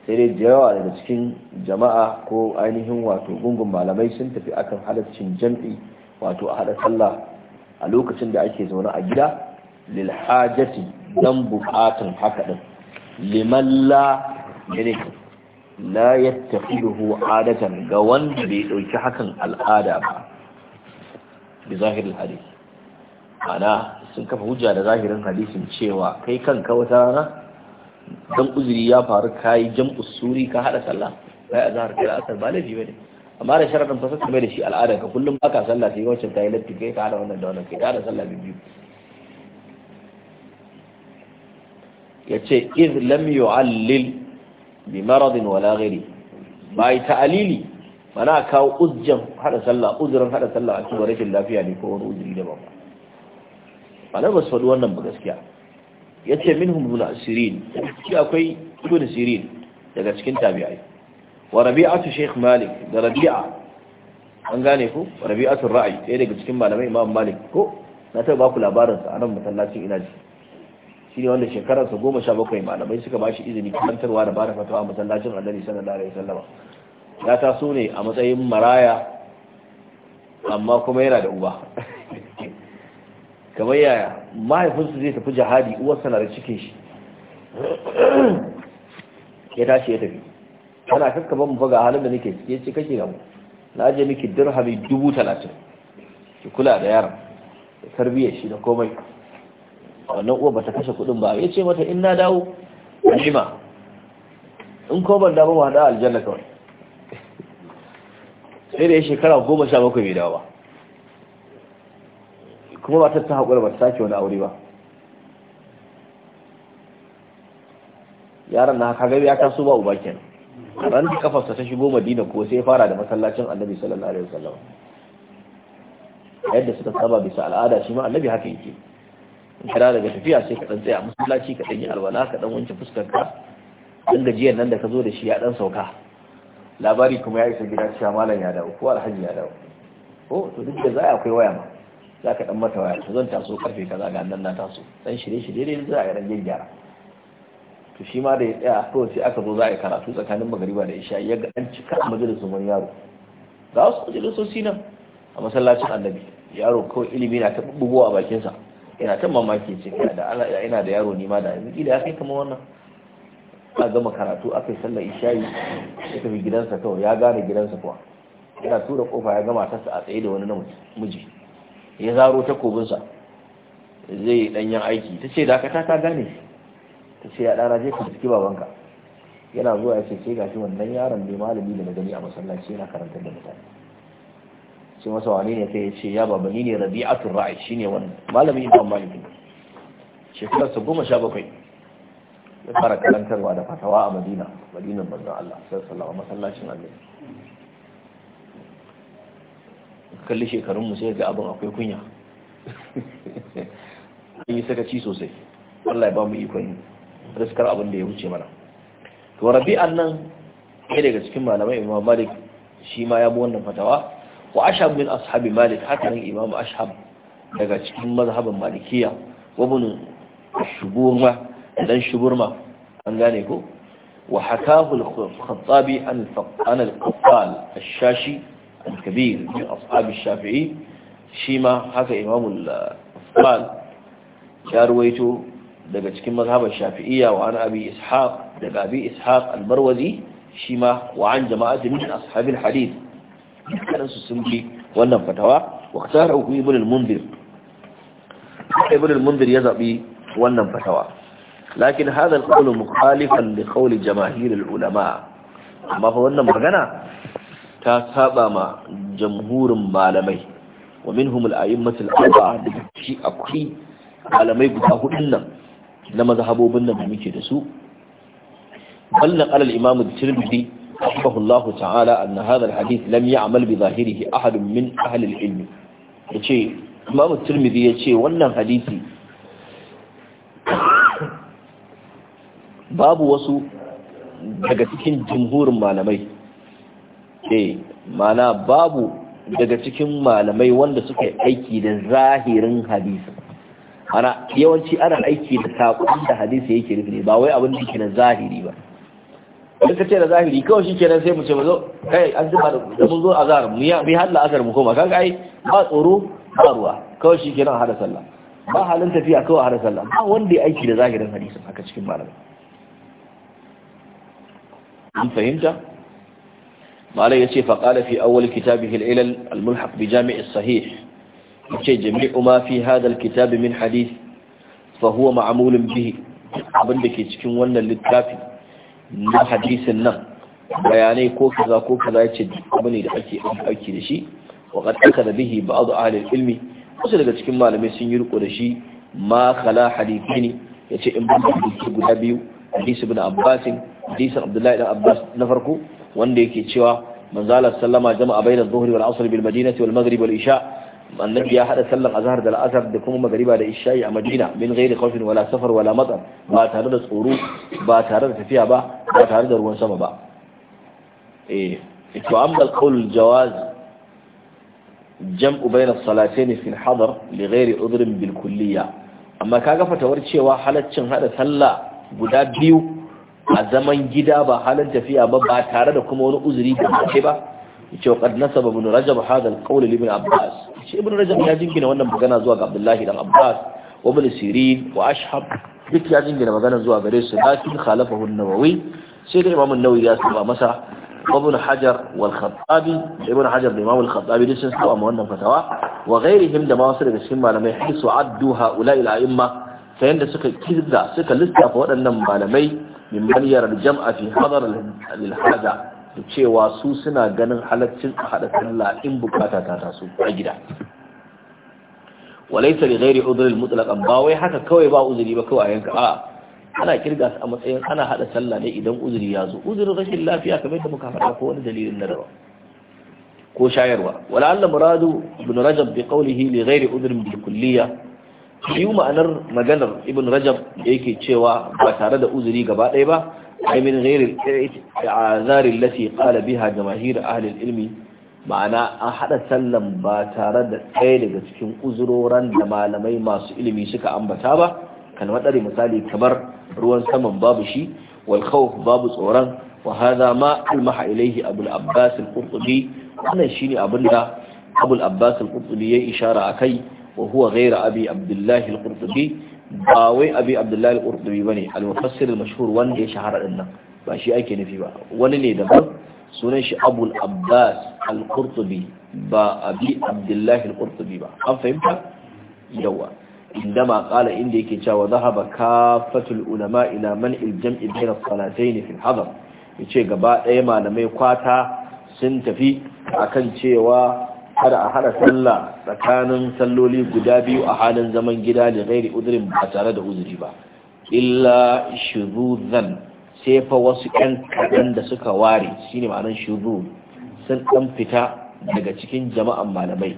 sai dai jawa daga cikin jama'a ko ainihin wato gungun malamai sun tafi akan halaccin jam'i wato a hada sallah a lokacin da ake zaune a gida lil hajati dan bukatun haka din liman la yake la yattaqiduhu adatan ga wanda bai dauki hakan al'ada ba bi zahirin hadisi ana sun kafa hujja da zahirin hadisin cewa kai kanka wata rana dan uzuri ya faru kai jam'u suri ka hada sallah kai a zahar kai asar ba laifi bane amma da sharadin fasar kamar da shi al'ada ka kullum baka sallah sai wacce ta yi latti kai ka hada wannan da wannan kai ka hada sallah biyu ce, iz lam yu'allil bi maradin wala ghairi bai ta'alili mana kawo uzjan hada sallah uzurin hada sallah a cikin rashin lafiya ne ko wani uzuri da ba ba ba ba su faɗi wannan ba gaskiya yace minhum huna sirin shi akwai ibn sirin daga cikin tabi'ai wa rabi'atu shaykh malik da rabi'a an gane ko rabi'atu ra'i ɗaya daga cikin malamai imam malik ko na taɓa baku labarin sa a nan masallacin ina ji ne wanda shekararsa goma sha bakwai malamai suka bashi izini karantarwa da bada fatawa masallacin annabi sallallahu alaihi wasallam ya taso ne a matsayin maraya amma kuma yana da uba *laughs* kamar yaya mahaifinsu zai tafi jihadi uwarsa na da cikin shi ya tashi ya tafi ana ban mu faga halin da nake ya ce kake gamu na aje miki dirhami dubu talatin ki kula da yaron da tarbiyyar shi da komai wannan uwa bata kashe kudin ba ya ce mata in na dawo jima. in ko ban dawo ba da aljanna kawai sai da ya shekara goma sha bakwai bai dawo ba kuma matar ta haƙura ba ta sake wani aure ba yaran na kaga ya so ba uba kenan ran da sa ta shigo madina ko sai fara da masallacin annabi sallallahu alaihi wasallam yadda suka saba bisa al'ada shi ma annabi haka yake kira daga tafiya sai ka dan tsaya masallaci ka dan yi alwala ka dan wanke fuskar ka dan gajiyar nan da ka zo da shi ya dan sauka labari kuma ya isa gida cewa malam ya dawo ko alhaji ya dawo ko to duk da za akwai waya ma za ka dan mata waya zan taso karfe kaza ga nan na taso dan shirye shirye ne za a dan gyara to shi ma da ya tsaya to sai aka zo za a yi karatu tsakanin magariba da isha ya ga an cika a majalisun wani yaro ga wasu majalisoci nan a masallacin annabi yaro kawai ilimi na ta bubuwa a bakinsa ina ta mamaki ce da ina da yaro nema da yanzu da ya kai kamar wannan a gama karatu aka yi sallar ishayi ya tafi gidansa kawai ya gane gidansa kuwa yana tura kofa ya gama tasa a tsaye da wani namiji ya zaro takobinsa zai yi danyen aiki ta ce dakata ta gane ta ce ya dara je ka baban babanka yana zuwa ya ce ce shi wannan yaron ne malami da na gani a masallaci yana karantar da mutane ce masa wani ne sai ya ce ya baba ni ne rabi'atul ra'i shine wannan malami ibn malik shekarar sa goma sha bakwai ya fara karantarwa da fatawa a madina madinan manzon Allah sallallahu alaihi wasallam masallacin Allah kalli shekarunmu sai ga abin akwai kunya an yi sakaci sosai wallahi ba mu ikon riskar abin da ya wuce mana to rabi'an nan ɗaya daga cikin malamai imam malik shi ma ya bi wannan fatawa wa ashab min ashabi malik haka nan imam ashab daga cikin mazhaban malikiya wa ibn shuburma dan shuburma an gane ko wa hakahu al-khattabi an al-qattal ash-shashi al-kabir min ashab shafii shi ma haka imam al ya ruwaito daga cikin mazhabar shafi'iyya wa an abi ishaq daga abi ishaq al-marwazi shi ma wa an jama'atin min ashabil hadith dukkanin su sun wannan fatawa wa tsara uku ibn al-mundir ya zaɓi wannan fatawa lakin hadha al-qawl mukhalifan li ulama amma fa wannan magana ta saba ma jamhurin malamai wa minhum al-a'immat al-arba shi akwai malamai guda hudun nan na mazhabobin nan da muke da su balla naqala al-imam at-tirmidhi rahimahullahu ta'ala anna hadha al-hadith lam ya'mal bi zahirihi ahad min ahli al-ilm yace imam at-tirmidhi yace wannan hadisi *coughs* babu wasu daga cikin jumhurin malamai eh mana babu daga cikin malamai wanda suka yi aiki da zahirin hadisi ana yawanci ana aiki da saƙon da hadisi yake rufi ne ba wai abin da yake na zahiri ba in ka ce da zahiri kawai shi kenan sai mu ce mazo kai an zuba da mun zo azhar mu ya bi halla azhar mu koma kaga ai ba tsoro ba ruwa kawai shi kenan hada sallah ba halin tafiya kawai hada sallah ba wanda ya aiki da zahirin hadisi haka cikin malamai an fahimta malai yace fa qala fi awwal kitabihi al-ilal al-mulhaq bi jami' as-sahih yace jami'u ma fi hadha al-kitab min hadith fa huwa ma'mul bihi abinda ke cikin wannan littafi na hadisin nan bayanai ko kaza ko kaza yace abu ne da ake aiki da shi wa qad akada bihi ba'd ahli al-ilmi wasu daga cikin malamai sun yi riko da shi ma khala hadithini yace in ban da guda biyu hadisi ibn abbas hadisin abdullahi ibn abbas na farko wanda yake cewa manzala sallama jama'a bainar dhuhri wal asr bil madinati wal maghrib wal isha annabi ya hada sallar azhar da al'asar da kuma Magariba da isha'i a madina min ghairi khawfin wala safar wala matsar. ba tare da tsoro ba tare da tafiya ba ba tare da ruwan sama ba eh to amma al jawaz jam'u bayna as-salatayn fi al-hadar li ghairi udhrin bil kulliya amma kaga fatawar cewa halaccin hada sallah guda biyu a zaman gida ba halin tafiya ba ba tare da kuma wani uzuri da ake ba yace qad nasaba ibn rajab hadha al ibn abbas shi ibn rajab ya jingina wannan magana zuwa ga abdullahi dan abbas wa ibn sirin wa ashhab duk ya jingina magana zuwa gare su lakin khalafahu an-nawawi sai da imam an-nawawi ya saba masa ibn hajar wal khattabi ibn hajar da imam al-khattabi duk sun saba wannan fatawa wa ghairihim da ma wasu daga cikin malamai hisu addu ha'ula'i al-a'imma ta yadda suka kirga suka lissafa waɗannan malamai min maniyar jam'a fi hadar al da cewa su suna ganin halaccin a haɗa sallah in bukata ta taso a gida walaisa da ghairi udhril mutlaqan ba wai haka kawai ba uzuri ba kawai a yanka a ana kirga su a matsayin ana haɗa sallah ne idan uzuri ya zo uzurin rashin lafiya kamar da muka faɗa ko wani dalilin na rawa ko shayarwa wala Allah muradu ibn rajab bi qawlihi li ghairi udhrin bil kulliyah biyu ma'anar maganar ibn rajab da yake cewa ba tare da uzuri gaba ɗaya ba ai min a Zari lati qala biha jamaahir ahli ilmi ma'ana an hada sallan ba tare da ɗaya daga cikin uzuroran da malamai masu ilimi suka ambata ba kan matsari misali kamar ruwan saman babu shi wal khawf babu tsoron wa hadha ma almaha ilayhi abul abbas al-qurtubi wannan shine abinda abul abbas al-qurtubi ya ishara akai wa huwa ghayra abi abdullah al-qurtubi ba wai abi abdullah al-qurtubi bane al-mufassir al-mashhur wanda ya shahara din nan ba shi ake nufi ba wani ne daban sunan shi abul abbas al-qurtubi ba abi abdullah al-qurtubi ba an fahimta yawa عندما قال إندي كتاب ذهب كافة العلماء إلى منع الجمع بين الصلاتين في الحضر yace gaba ɗaya malamai kwata sun tafi akan cewa kada a hada sallah tsakanin salloli guda biyu a halin zaman gida da gairi udurin ba tare da uzuri ba illa shuzuzan sai fa wasu ƴan kaɗan da suka ware shine ma'anar shuzuz sun ɗan fita daga cikin jama'an malamai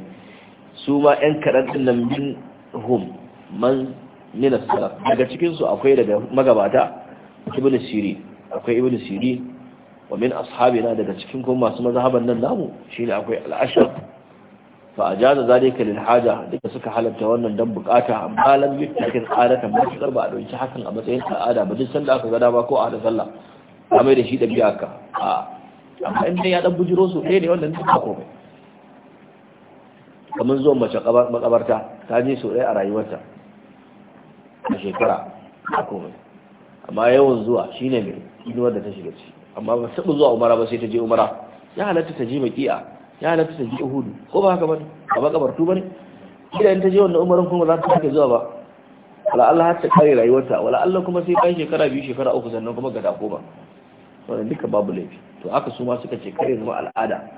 su ma ƴan kaɗan ɗin nan bin hum man min salaf daga cikin su akwai daga magabata ibnu sirin akwai ibnu sirin wa min ashabina daga cikin kuma masu mazhaban nan namu shine akwai al-ashr fa ajaza zalika lil haja duka suka halarta wannan dan bukata amma lam yutakin qadatan mutsar ba a dauki hakan a matsayin al'ada ba duk sanda aka ga dama ko a da sallah a mai da shi dabi'a ka a amma in dai ya dan bujiro su ɗaya ne wannan duk komai kamar zuwan mace makabarta ta ji so ɗaya a rayuwarta a shekara a komai amma yawan zuwa shine mai inuwar da ta shiga ciki amma ba taɓa zuwa umara ba sai ta je umara ya halatta ta je maki'a ya halatta ta ji hudu ko ba haka bane a makabartu bane idan ta je wannan umarin kuma za ta sake zuwa ba wala Allah har ta kare rayuwarta wala Allah kuma sai kai shekara biyu shekara uku sannan kuma ga dako ba wannan duka babu laifi to aka su ma suka ce kare zama al'ada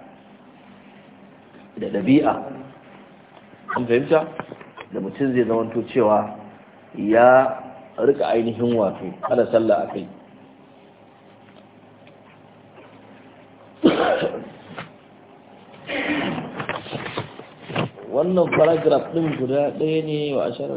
da dabi'a an fahimta da mutum zai zamanto cewa ya rika ainihin wato kada sallah akai. wannan paragraph din guda ɗaya ne wa ashirar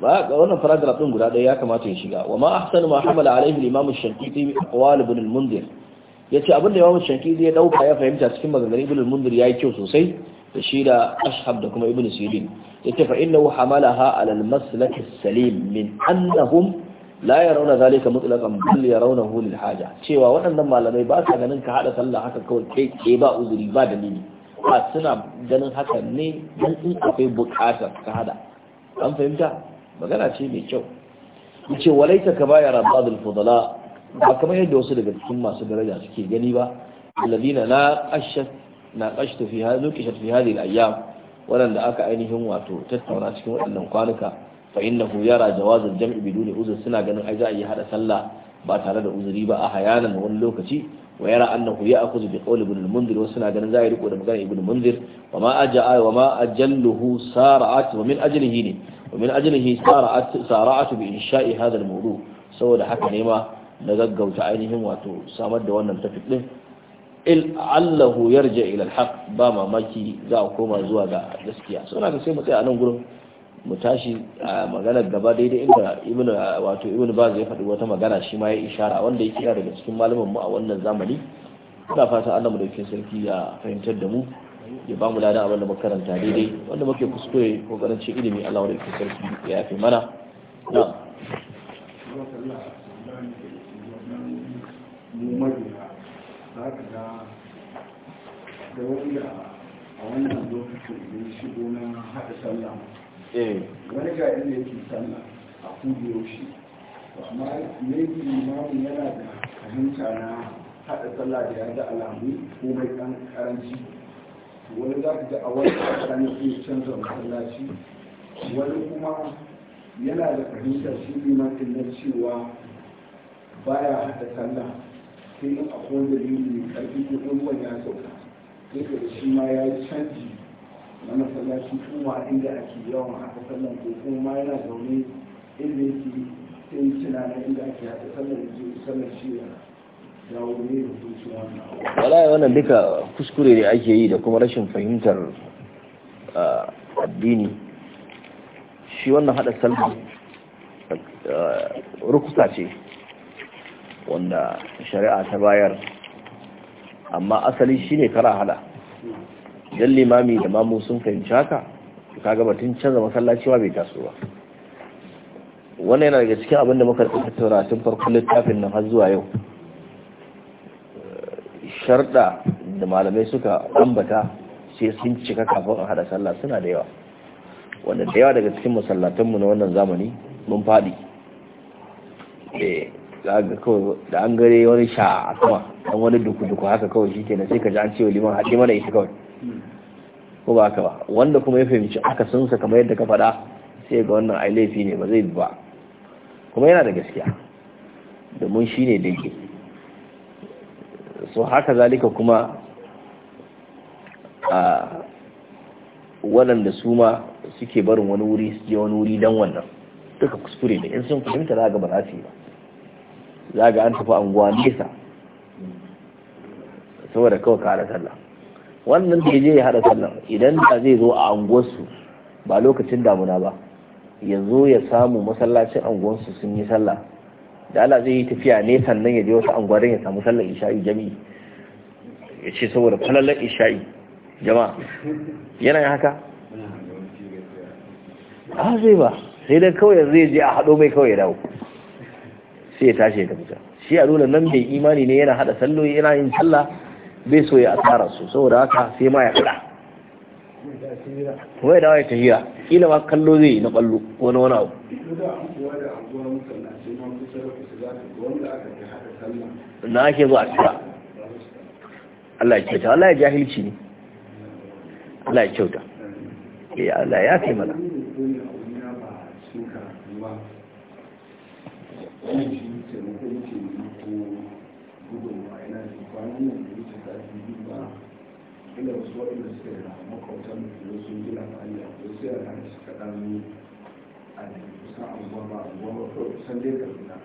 ba ga wannan paragraph din guda ɗaya ya kamata ya shiga wa ma ahsan ma hamala alaihi limamu shankiti aqwal ibn al mundhir yace abin da imamu shankiti ya dauka ya fahimta cikin maganganun ibn al mundhir yayi kyau sosai da shi da ashab da kuma ibn sirin yace fa innahu hamalaha ala al-maslak as-salim min annahum la rauna zalika mutlaqan bal yarawnahu lil haja cewa waɗannan malamai ba sa ganin ka hada sallah haka kawai kai ke ba uzuri ba dalili ba suna ganin haka ne dan in akwai bukatar ka hada an fahimta magana ce mai kyau yace walaita ka baya rabadul fudala ba kamar yadda wasu daga cikin masu daraja suke gani ba alladina na ashat na qashtu fi hadhihi al-ayyam waɗanda aka ainihin wato tattauna cikin waɗannan kwanuka fa innahu yara jawazul jam'i biduni uzur suna ganin ai za a yi hada sallah ba tare da uzuri ba a hayanan wani lokaci wa yara annahu ya'khudhu bi qawli ibn al wasu suna ganin za a riko da magana ibn munzir wa ma aja'a wa ma ajalluhu sara'at wa min ajlihi ne wa min ajlihi sara'at sara'at bi insha'i hadha al-mawdu saboda haka ne ma na gaggauta ainihin wato samar da wannan tafi din il allahu yarja ila al-haq ba mamaki za a koma zuwa ga gaskiya saboda sai mu tsaya a nan gurin mu tashi a magana gaba daidai inda ibnu wato ibnu baz ya faɗi wata magana shi ma ya ishara wanda yake kira daga cikin malaman mu a wannan zamani ina fata Allah mu dauke sarki ya fahimtar da mu ya ba mu ladan abin da muka karanta daidai wanda muke kuskure ko ce ilimi Allah mu yake sarki ya yafe mana a na Eh. wani ga inda yake sallah a kudu shi. amma maybe imamu yana da fahimta na haɗa sallah da yada alamu ko mai ɗan karanci wani za ka ga a wani tsakanin iya canza masallaci wani kuma yana da fahimtar shi liman na cewa baya haɗa sallah sai a akwai dalili mai ƙarfi ko ɗan ya sauka sai ka shi ma ya yi canji na masallaci kuma inda ake yawan haka sallan ko kuma yana zaune inda yake sai tuna na inda ake haka sallan yake sallan shi ya dawo ne da hukunci wannan wallahi wannan duka kuskure ne ake yi da kuma rashin fahimtar addini shi wannan hada sallan rukusa ce wanda shari'a ta bayar amma asali shi shine kara hada idan limami da mamu sun fahimci haka ga batun canza masallaci ma bai taso ba wannan yana daga cikin abin da muka tattauna tun farko littafin nan har zuwa yau sharda da malamai suka ambata sai sun cika kafin a hada sallah suna da yawa wanda da yawa daga cikin masallatanmu na wannan zamani mun faɗi eh, da an gare wani sha a sama dan wani duku-duku haka kawai shi ke na sai ka ji an ce wa liman haɗe mana ita kawai ko ba ka ba wanda kuma ya fahimci akasinsa kamar yadda ka faɗa sai ga wannan ai laifi ne ba zai ba kuma yana da gaskiya domin shi ne daidai so haka zalika kuma a waɗanda su ma suke barin wani wuri su je wani wuri don wannan duka kuskure da in sun fahimta za ga ba za su yi ba za ga an tafi anguwa nesa saboda kawai ka kare sallah wannan da je ya hada sallar idan da zai zo a anguwarsu ba lokacin damuna ba yanzu ya samu masallacin anguwarsu sun yi sallah da ala zai yi tafiya ne sannan ya je wasu anguwarin ya samu sallar isha'i jami'i ya ce saboda falalar isha'i jama'a yana haka a zai ba sai dai kawai zai je a haɗo mai kawai ya dawo sai ya tashi ya tafi shi a nuna nan bai imani ne yana hada salloyi yana yin sallah bai so ya asara su saboda haka sai ma ya kada wai da wai ta hira kila ma kallo zai yi na kallo wani wani abu na ake zuwa kira Allah ya kyauta Allah ya jahilci ne Allah ya kyauta ya eh, Allah ya fi mana inda wasu waɗanda suke da makwautan da sun gina fa'ayya da su yana da suka ɗanu a kusan abubuwa ba abubuwa ba kawai kusan dai kaduna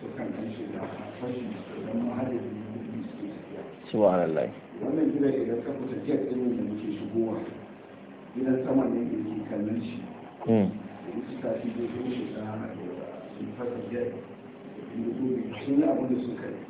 su kan ɗan shi da fashi da mahadin da suke tafiya. subhanallah wannan gidan idan ka ta jet ɗin da muke shigowa gina sama ne da ke kallon shi. tafi hmm. da da sun fasa da sun yi abin da suka yi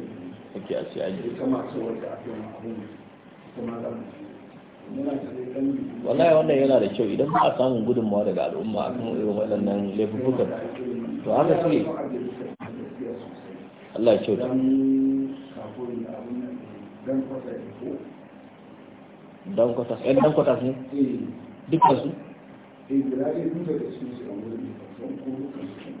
ake a yi wannan yana da kyau idan ba a samun gudunmawa daga al'umma a kan irin waɗannan laifukan to haka suke Allah ya kyauta dan ɗan dan ne eh. su? Eh, da rage duka su su a wurin da dukkan su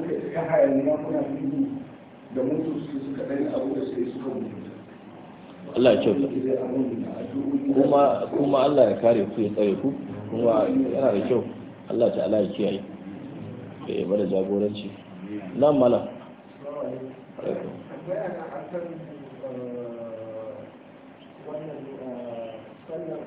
kuna fili da mutum suka ɗan abu da sai suka mutu Allah ya kyauta kuma kuma Allah ya kare ku ya tsare ku kuma yana da kyau Allah ta'ala ya kiyaye da yi. bada jagoranci nan mana wannan sallar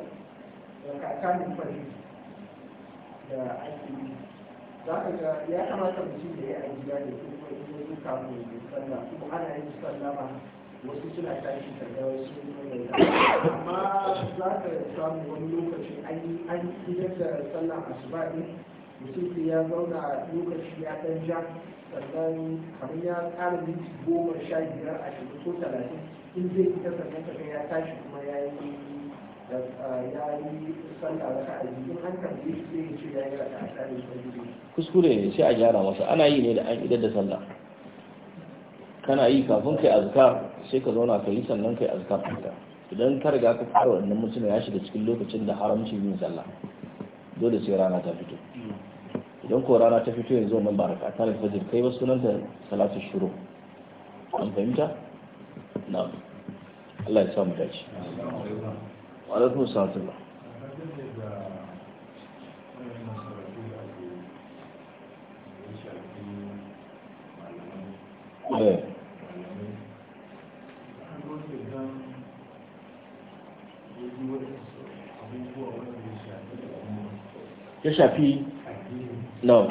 za ka ga ya kamata mutum da ya a gida da su ko su su kamu da sallah kuma ana yin sallah ma wasu suna tashi sallah wasu suna amma za ka samu wani lokaci an yi an idan da sallah asuba din mutum ya zauna lokaci ya dan ja sannan kamar ya ƙara minti goma sha biyar ashirin ko talatin in zai fita sannan ka ya tashi kuma ya yi kuskure ne sai a gyara masa ana yi ne da an idar da sallah kana yi kafin kai azkar sai ka zauna ka yi sannan kai azkar ɗinka idan ka riga ka fara wannan mutum ya shiga cikin lokacin da haramcin yin sallah dole sai rana ta fito idan ko rana ta fito yanzu wannan baraka ta ta fajr kai ba sunanta salatu shuru an fahimta na Allah ya samu dace wa alaikum salam Yeah. ya shafi no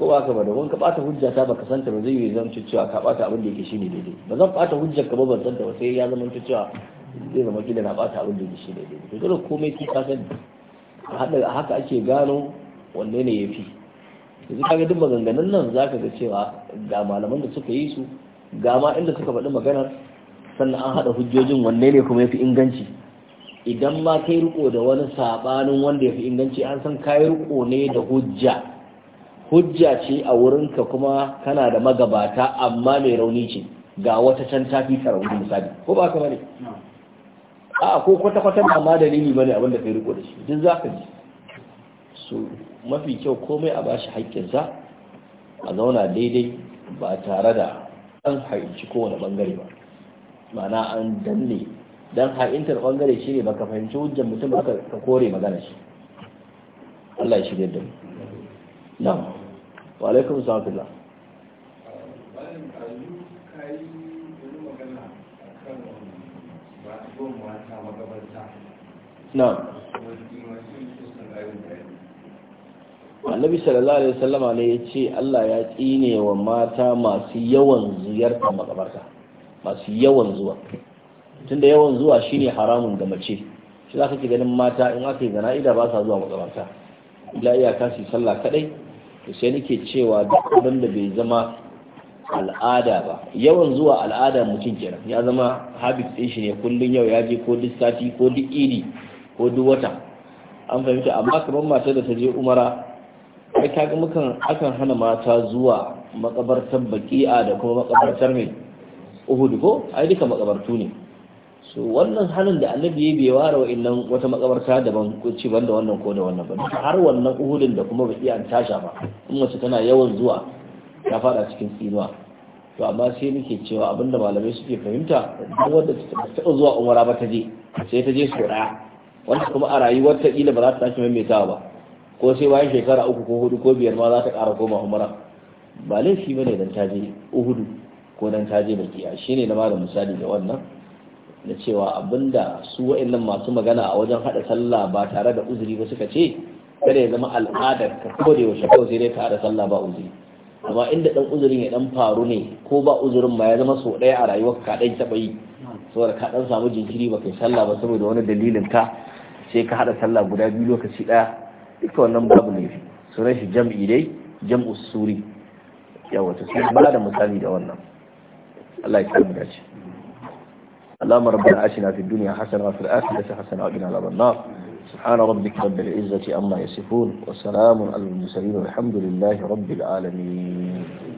ko ba ka ba da ka bata hujja ta baka santa ba zai yi zama cewa ka bata abin da yake shine daidai ba zan bata hujjar ka ba ban santa ba sai ya zama cewa zai zama kila na bata abin da yake shine daidai to dole komai ki ka sani haka ake gano wanne ne yafi yanzu kaga duk maganganun nan zaka ga cewa ga malaman da suka yi su ga ma inda suka faɗi maganar sannan an haɗa hujjojin wanne ne kuma yafi inganci idan ma kai riko da wani sabanin wanda yafi inganci an san kai riko ne da hujja hujja ce a wurinka kuma kana da magabata amma mai rauni ce ga wata can tafi ta rauni misali ko ba ka bane a ko kwata-kwata ba ma dalili bane abinda kai riko da shi duk za ka ji su mafi kyau komai a bashi haƙƙinsa a zauna daidai ba tare da an haƙinci kowane ɓangare ba ma'ana an danne don haƙintar ɓangare shi ne baka fahimci hujjar mutum ba ka kore magana shi Allah ya shirya da mu na'am wa alaikum salam na'am annabi sallallahu alaihi wasallama ne ya ce Allah ya tsine wa mata masu yawan ziyartar makabarta masu yawan zuwa tunda yawan zuwa shine haramun ga mace shi za ka ke ganin mata in aka yi zana'ida ba sa zuwa makabarta ila iyaka su sallah kadai to sai nake cewa duk abin da bai zama al'ada ba yawan zuwa al'ada mutum kenan ya zama habit ɗin shi ne kullum yau ya je ko duk sati ko duk iri ko duk wata an fahimta amma kamar matar da ta je umara ai ga mukan akan hana mata zuwa makabartar baki'a da kuma makabartar mai uhudu ko ai duka makabartu ne so wannan halin da annabi ya bai ware wa'annan wata makabarta daban ko ci banda wannan ko da wannan ba har wannan uhudin da kuma bai an tasha ba in mace tana yawan zuwa ta fada cikin tsinuwa to amma sai nake cewa abinda malamai suke fahimta duk wanda ta taba zuwa umara ba ta je sai ta je su ɗaya wanda kuma a rayuwar ta kila ba za ta tashi maimaitawa ba ko sai bayan shekara uku ko hudu ko biyar ma za ta ƙara koma umara ba laifi bane dan ta je uhudu ko dan ta je a shine na malam misali da wannan na cewa abinda su wa'annan masu magana a wajen haɗa sallah ba tare da uzuri ba suka ce kada ya zama al'adar ka ko da yaushe kawai sai dai ka haɗa sallah ba uzuri amma inda ɗan uzurin ya dan faru ne ko ba uzurin ma ya zama sau ɗaya a rayuwar ka ɗan taɓa yi saboda ka dan samu jinkiri ba kai sallah ba saboda wani dalilin ka sai ka haɗa sallah guda biyu lokaci ɗaya duka wannan babu laifi sunan shi jam'i dai jam'u suri yawa to sai ba da misali da wannan Allah ya kiyaye dace اللهم ربنا آتنا في الدنيا حسنة وفي الآخرة حسنة وقنا عذاب النار سبحان ربك رب العزة عما يصفون وسلام على المرسلين والحمد لله رب العالمين